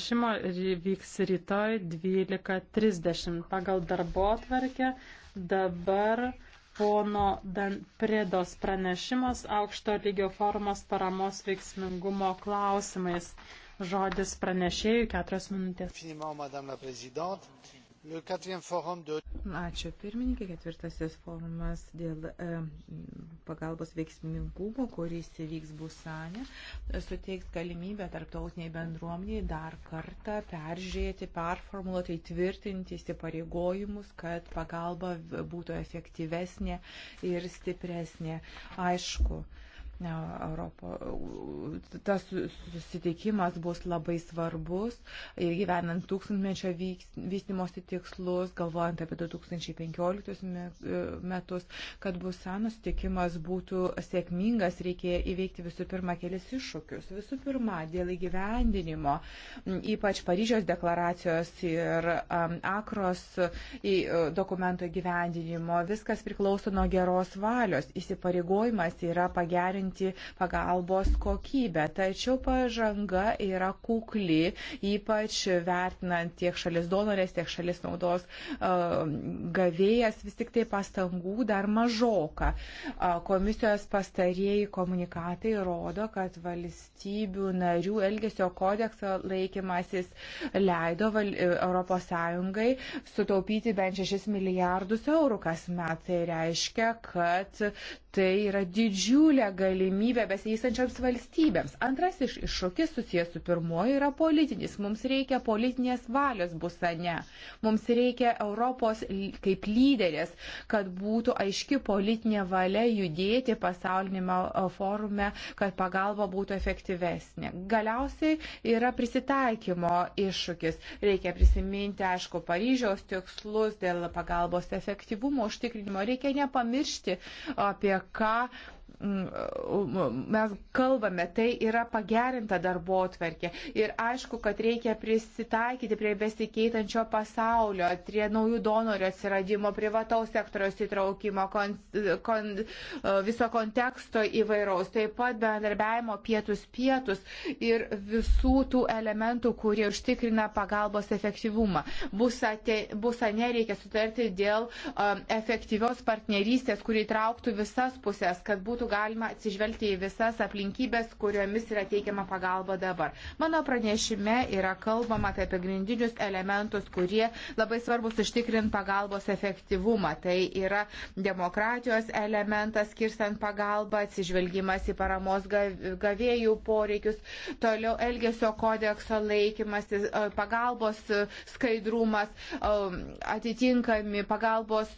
Šimo vyks rytoj 12.30 pagal darbo atvarkę. Dabar pono Danpredos pranešimas aukšto lygio formos paramos veiksmingumo klausimais. Žodis pranešėjų keturios minutės. Ačiū pirmininkė, ketvirtasis forumas dėl e, pagalbos veiksmingumo, kuris įvyks Busanė, suteiks galimybę tarptautiniai bendruomeniai dar kartą peržiūrėti, performuluoti, įtvirtinti įsipareigojimus, kad pagalba būtų efektyvesnė ir stipresnė. Aišku, e, Europo, tas susitikimas bus labai svarbus ir gyvenant tūkstantmečio vystimosi tikslus, galvojant apie 2015 e, metus, kad Busanos sutikimas būtų sėkmingas, reikia įveikti visų pirma kelis iššūkius. Visų pirma, dėl įgyvendinimo, ypač Paryžiaus deklaracijos ir um, Akros e, dokumento įgyvendinimo, viskas priklauso nuo geros valios. Įsipareigojimas yra pagerinti gerinti pagalbos kokybę. Tačiau pažanga yra kukli, ypač vertinant tiek šalis donorės, tiek šalis naudos gavėjas, vis tik tai pastangų dar mažoka. Komisijos pastarieji komunikatai rodo, kad valstybių narių elgesio kodekso laikymasis leido ES sutaupyti bent 6 milijardus eurų kasmet. Tai reiškia, kad Tai yra didžiulė galimybė besivystančioms valstybėms. Antrasis iššūkis susijęs su pirmoju yra politinis. Mums reikia politinės valios busane. Mums reikia Europos kaip lyderės, kad būtų aiški politinė valia judėti pasaulinėme forume, kad pagalba būtų efektyvesnė. Galiausiai yra prisitaikymo iššūkis. Reikia prisiminti, aišku, Paryžiaus tikslus dėl pagalbos efektyvumo užtikrinimo. Reikia nepamiršti apie ką mes kalbame, tai yra pagerinta darbo atverkė. Ir aišku, kad reikia prisitaikyti prie besikeitančio pasaulio, prie naujų donorių atsiradimo, privataus sektoriaus įtraukimo, kon, kon, e, viso konteksto įvairaus, taip pat bendarbiavimo pietus pietus ir visų tų elementų, kurie užtikrina pagalbos efektyvumą. Busą nereikia sutarti dėl um, efektyvios partnerystės, kuri trauktų visas pusės, kad būtų galima atsižvelgti į visas aplinkybės, kuriomis yra teikiama pagalba dabar. Mano pranešime yra kalbama apie pagrindinius elementus, kurie labai svarbus užtikrint pagalbos efektyvumą. Tai yra demokratijos elementas, skirstant pagalbą, atsižvelgimas į paramos gavėjų poreikius, toliau elgesio kodekso laikymas, e, pagalbos skaidrumas, e, atitinkami pagalbos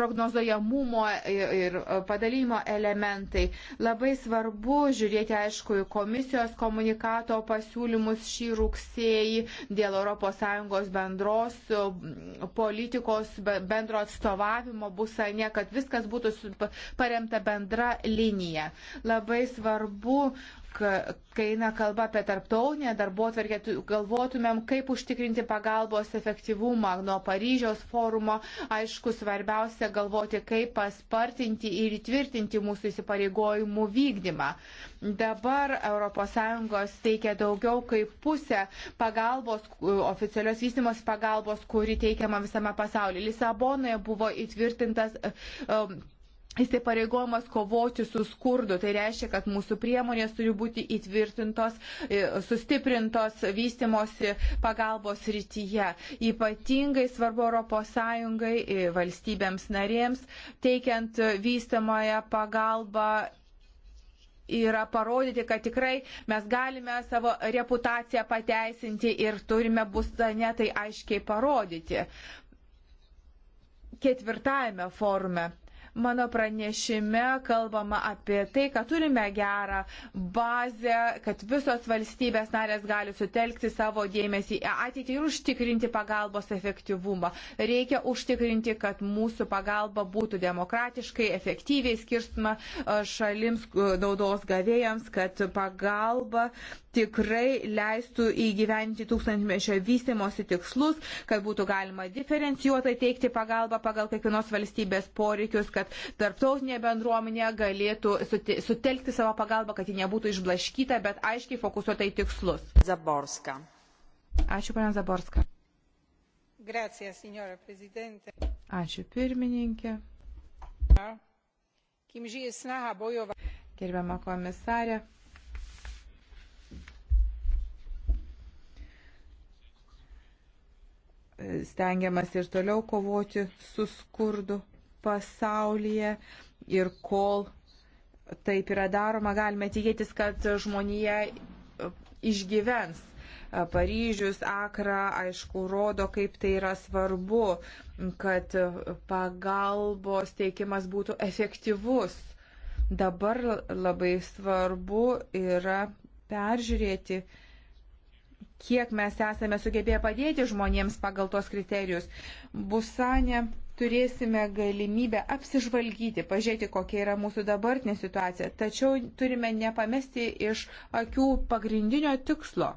prognozuojamumo ir e, padalymo elementai elementai. Labai svarbu žiūrėti, aišku, į komisijos komunikato pasiūlymus šį rugsėjį dėl ES bendros mm, politikos, bendro atstovavimo busane, kad viskas būtų paremta bendra linija. Labai svarbu kai eina kalba apie tarptautinę darbo atverkę, galvotumėm, kaip užtikrinti pagalbos efektyvumą nuo Paryžiaus forumo. Aišku, svarbiausia galvoti, kaip paspartinti ir įtvirtinti mūsų įsipareigojimų vykdymą. Dabar ES teikia daugiau kaip pusę pagalbos, oficialios vystimos pagalbos, kuri teikiama visame pasaulyje. Lisabonoje buvo įtvirtintas. Um, įsipareigojimas kovoti su skurdu. Tai reiškia, kad mūsų priemonės turi būti įtvirtintos, e, sustiprintos vystimosi pagalbos rytyje. Ypatingai svarbu ES e, valstybėms narėms, teikiant vystimoje pagalbą yra parodyti, kad tikrai mes galime savo reputaciją pateisinti ir turime bustane tai aiškiai parodyti. Ketvirtajame forume Mano pranešime kalbama apie tai, kad turime gerą bazę, kad visos valstybės narės gali sutelkti savo dėmesį į ateitį ir užtikrinti pagalbos efektyvumą. Reikia užtikrinti, kad mūsų pagalba būtų demokratiškai, efektyviai skirstama e, šalims e, naudos gavėjams, kad pagalba tikrai leistų įgyventi tūkstantmečio vystimosi tikslus, kad būtų galima diferencijuotai teikti pagalbą pagal kiekvienos valstybės poreikius, kad tarptautinė bendruomenė galėtų sutelkti savo pagalbą, kad ji nebūtų išblaškyta, bet aiškiai fokusuota į tikslus. Zaborska. Ačiū, pana Zaborska. Grazie, signora prezidente. Ačiū, pirmininkė. Kim žyje snaha bojova. Gerbiama komisarė. Stengiamas ir toliau kovoti su skurdu pasaulyje ir kol taip yra daroma, galime tikėtis, kad žmonija e, išgyvens. E, Paryžius, Akra, aišku, rodo, kaip tai yra svarbu, kad pagalbos teikimas būtų efektyvus. Dabar labai svarbu yra peržiūrėti kiek mes esame sugebėję padėti žmonėms pagal tos kriterijus. Busanė turėsime galimybę apsižvalgyti, pažiūrėti, kokia yra mūsų dabartinė situacija. Tačiau turime nepamesti iš akių pagrindinio tikslo.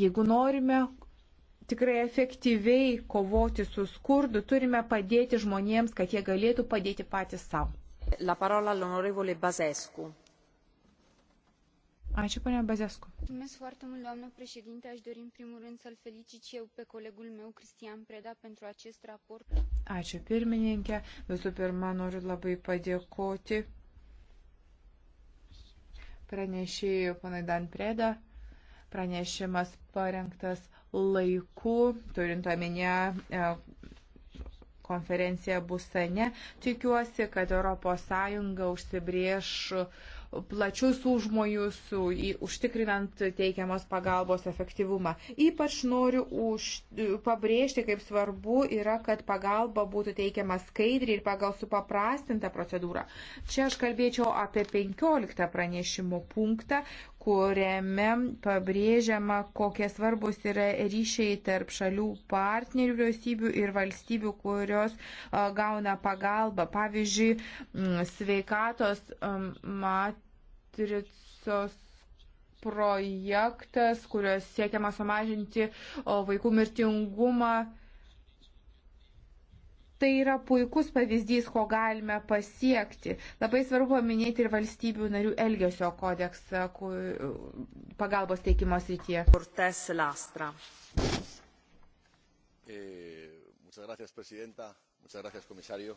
Jeigu norime tikrai efektyviai kovoti su skurdu, turime padėti žmonėms, kad jie galėtų padėti patys savo. La parola all'onorevole Basescu. Ačiū, ponia Bazesku. Mulțumesc foarte mult, doamnă președinte. Aș dori în primul rând să-l felicit și eu pe colegul meu, Cristian Preda, pentru acest raport. Ačiū, pirmininkė. Visų pirma, noriu labai padėkoti pranešėjų, ponai Dan Preda. Pranešimas parengtas laiku, turint omenyje e, konferencija Busane. Tikiuosi, kad ES užsibrieš plačius užmojus, užtikrinant teikiamos pagalbos efektyvumą. Ypač noriu už, pabrėžti, kaip svarbu yra, kad pagalba būtų teikiama skaidriai ir pagal supaprastintą procedūrą. Čia aš kalbėčiau apie 15 pranešimo punktą, kuriame pabrėžiama, kokie svarbus yra ryšiai tarp šalių partnerių vyriausybių ir valstybių, kurios gauna pagalbą. Pavyzdžiui, sveikatos mat matricos projektas, kurios siekiama sumažinti vaikų mirtingumą. Tai yra puikus pavyzdys, ko galime pasiekti. Labai svarbu paminėti ir valstybių narių elgesio kodeksą pagalbos teikimo srityje. Cortes Lastra. Eh, muchas gracias, presidenta. Muchas gracias, komisario.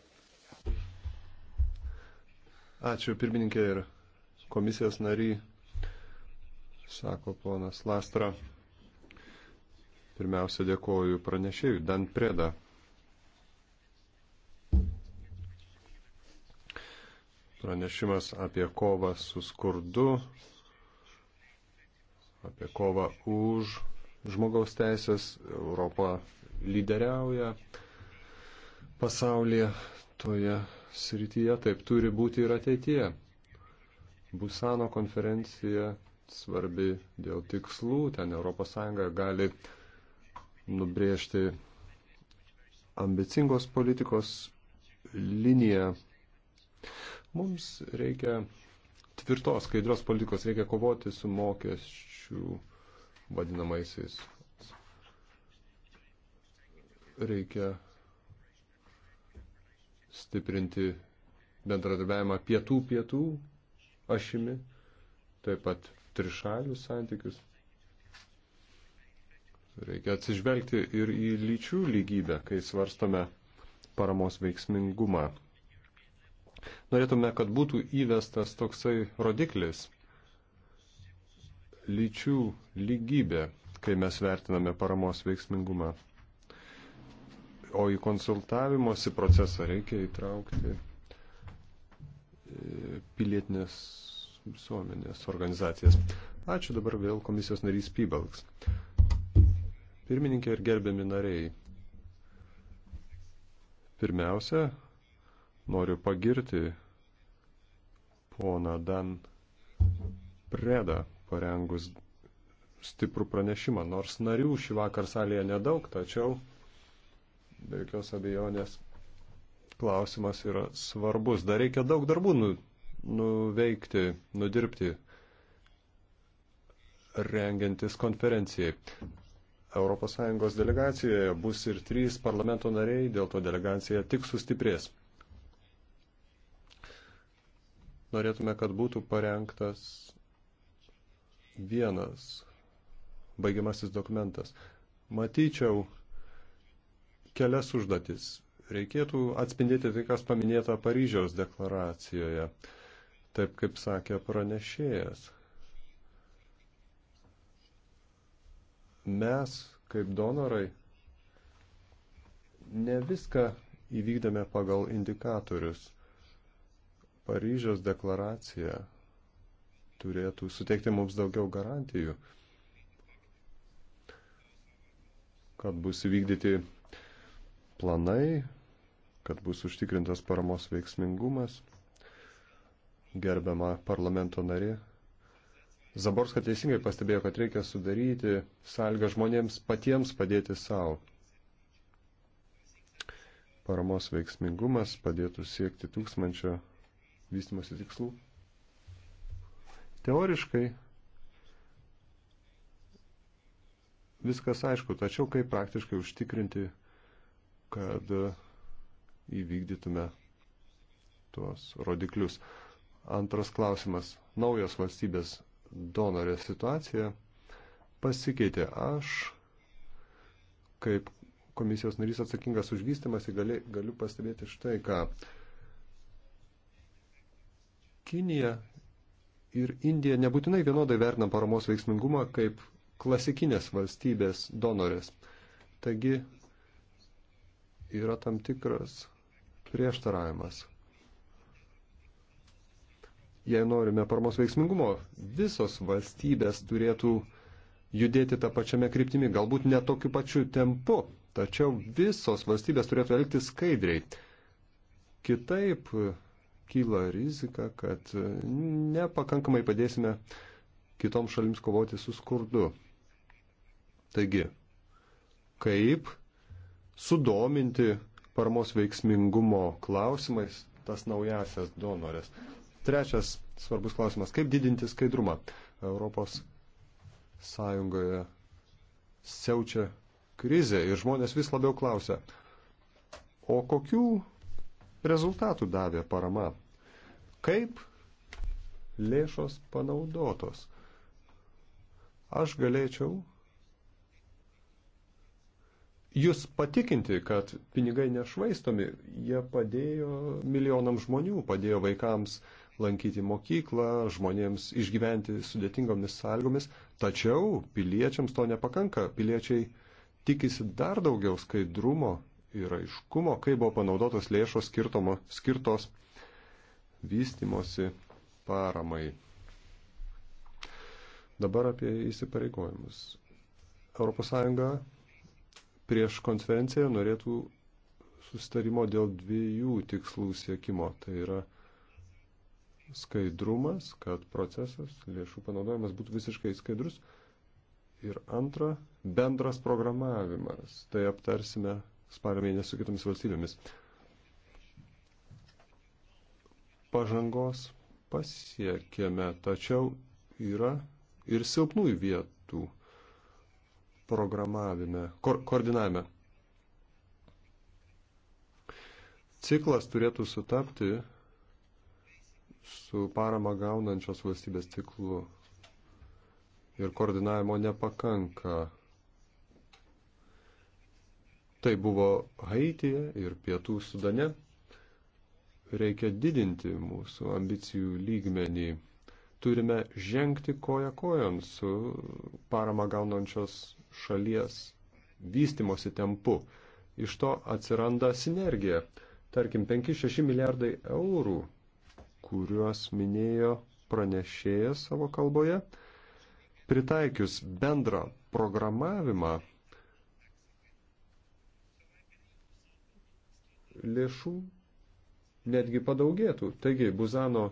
Ačiū, pirmininkė ir komisijos nary, sako ponas Lastra. Pirmiausia, dėkoju pranešėjui Dan Preda. Pranešimas apie kovą su skurdu, apie kovą už žmogaus teisės. Europa lyderiauja pasaulyje toje srityje, taip turi būti ir ateityje. Busano konferencija svarbi dėl tikslų, ten ES gali nubrėžti ambicingos politikos liniją. Mums reikia tvirtos, skaidrios politikos, reikia kovoti su mokesčių vadinamaisiais. Reikia stiprinti bendradarbiavimą pietų-pietų ašimi, taip pat trišalius santykius. Reikia atsižvelgti ir į lyčių lygybę, kai svarstome paramos veiksmingumą. Norėtume, kad būtų įvestas toksai rodiklis lyčių lygybė, kai mes vertiname paramos veiksmingumą. O į konsultavimosi procesą reikia įtraukti pilietinės visuomenės organizacijas. Ačiū dabar vėl komisijos narys Pybalks. Pirmininkė ir gerbiami nariai. Pirmiausia, noriu pagirti poną Dan Preda parengus stiprų pranešimą. Nors narių šį vakar salėje nedaug, tačiau be jokios abejonės klausimas yra svarbus. Dar reikia daug darbų nu, nuveikti, nudirbti, rengiantis konferencijai. ES delegacijoje bus ir trys parlamento nariai, dėl to delegacija tik sustiprės. Norėtume, kad būtų parengtas vienas baigiamasis dokumentas. Matyčiau kelias užduotis reikėtų atspindėti tai, kas paminėta Paryžiaus deklaracijoje taip kaip sakė pranešėjas. Mes, kaip donorai, ne viską įvykdėme pagal indikatorius. Paryžiaus deklaracija turėtų suteikti mums daugiau garantijų, kad bus įvykdyti planai, kad bus užtikrintas paramos veiksmingumas gerbiama parlamento nari. Zaborska teisingai pastebėjo, kad reikia sudaryti sąlygą žmonėms patiems padėti savo. Paramos veiksmingumas padėtų siekti tūkstančio vystimosi tikslų. Teoriškai viskas aišku, tačiau kaip praktiškai užtikrinti, kad įvykdytume tuos rodiklius. Antras klausimas. Naujos valstybės donorės situacija pasikeitė. Aš, kaip komisijos narys atsakingas už vystimąsi, gali, galiu pastebėti štai ką. Kinija ir Indija nebūtinai vienodai vertina paramos veiksmingumą kaip klasikinės valstybės donorės. Taigi yra tam tikras prieštaravimas. Jei norime paramos veiksmingumo, visos valstybės turėtų judėti tą pačiame kryptimi, galbūt ne tokiu pačiu tempu, tačiau visos valstybės turėtų elgtis skaidriai. Kitaip kyla rizika, kad nepakankamai padėsime kitoms šalims kovoti su skurdu. Taigi, kaip sudominti paramos veiksmingumo klausimais tas naujasias donorės. Trečias svarbus klausimas, kaip didinti skaidrumą. Europos Sąjungoje siaučia krizė ir žmonės vis labiau klausia, o kokių rezultatų davė parama? Kaip lėšos panaudotos? Aš galėčiau jūs patikinti, kad pinigai nešvaistomi, jie padėjo milijonam žmonių, padėjo vaikams, lankyti mokyklą, žmonėms išgyventi sudėtingomis sąlygomis, tačiau piliečiams to nepakanka. Piliečiai tikisi dar daugiau skaidrumo ir aiškumo, kaip buvo panaudotos lėšos skirtomo, skirtos vystimosi paramai. Dabar apie įsipareigojimus. ES prieš konferenciją norėtų sustarimo dėl dviejų tikslų siekimo. Tai yra skaidrumas, kad procesas, lėšų panaudojimas būtų visiškai skaidrus. Ir antra, bendras programavimas. Tai aptarsime spalio mėnesį su kitomis valstybėmis. Pažangos pasiekėme, tačiau yra ir silpnųjų vietų programavime, ko koordinavime. Ciklas turėtų sutapti su parama gaunančios valstybės tiklu ir koordinavimo nepakanka. Tai buvo Haityje ir Pietų Sudane. Reikia didinti mūsų ambicijų lygmenį. Turime žengti koja kojon su parama gaunančios šalies vystimosi tempu. Iš to atsiranda sinergija. Tarkim, 5-6 milijardai eurų kuriuos minėjo pranešėjas savo kalboje. Pritaikius bendrą programavimą, lėšų netgi padaugėtų. Taigi, Buzano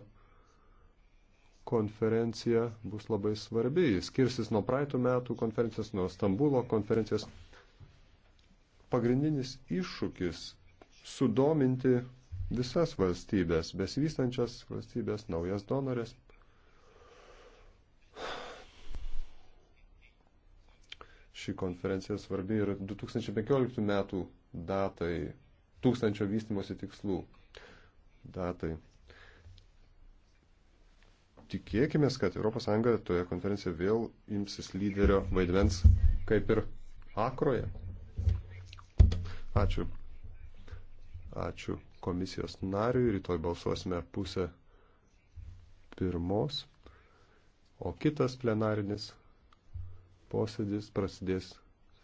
konferencija bus labai svarbi. Jis skirsis nuo praeitų metų konferencijos, nuo Stambulo konferencijos. Pagrindinis iššūkis sudominti visas valstybės, besivystančias valstybės, naujas donorės. Ši konferencija svarbi ir 2015 metų datai, tūkstančio vystimosi tikslų datai. Tikėkime, kad ES toje konferencijoje vėl imsis lyderio vaidmens kaip ir Akroje. Ačiū. Ačiū komisijos nariui. Rytoj balsuosime pusę pirmos, o kitas plenarinis posėdis prasidės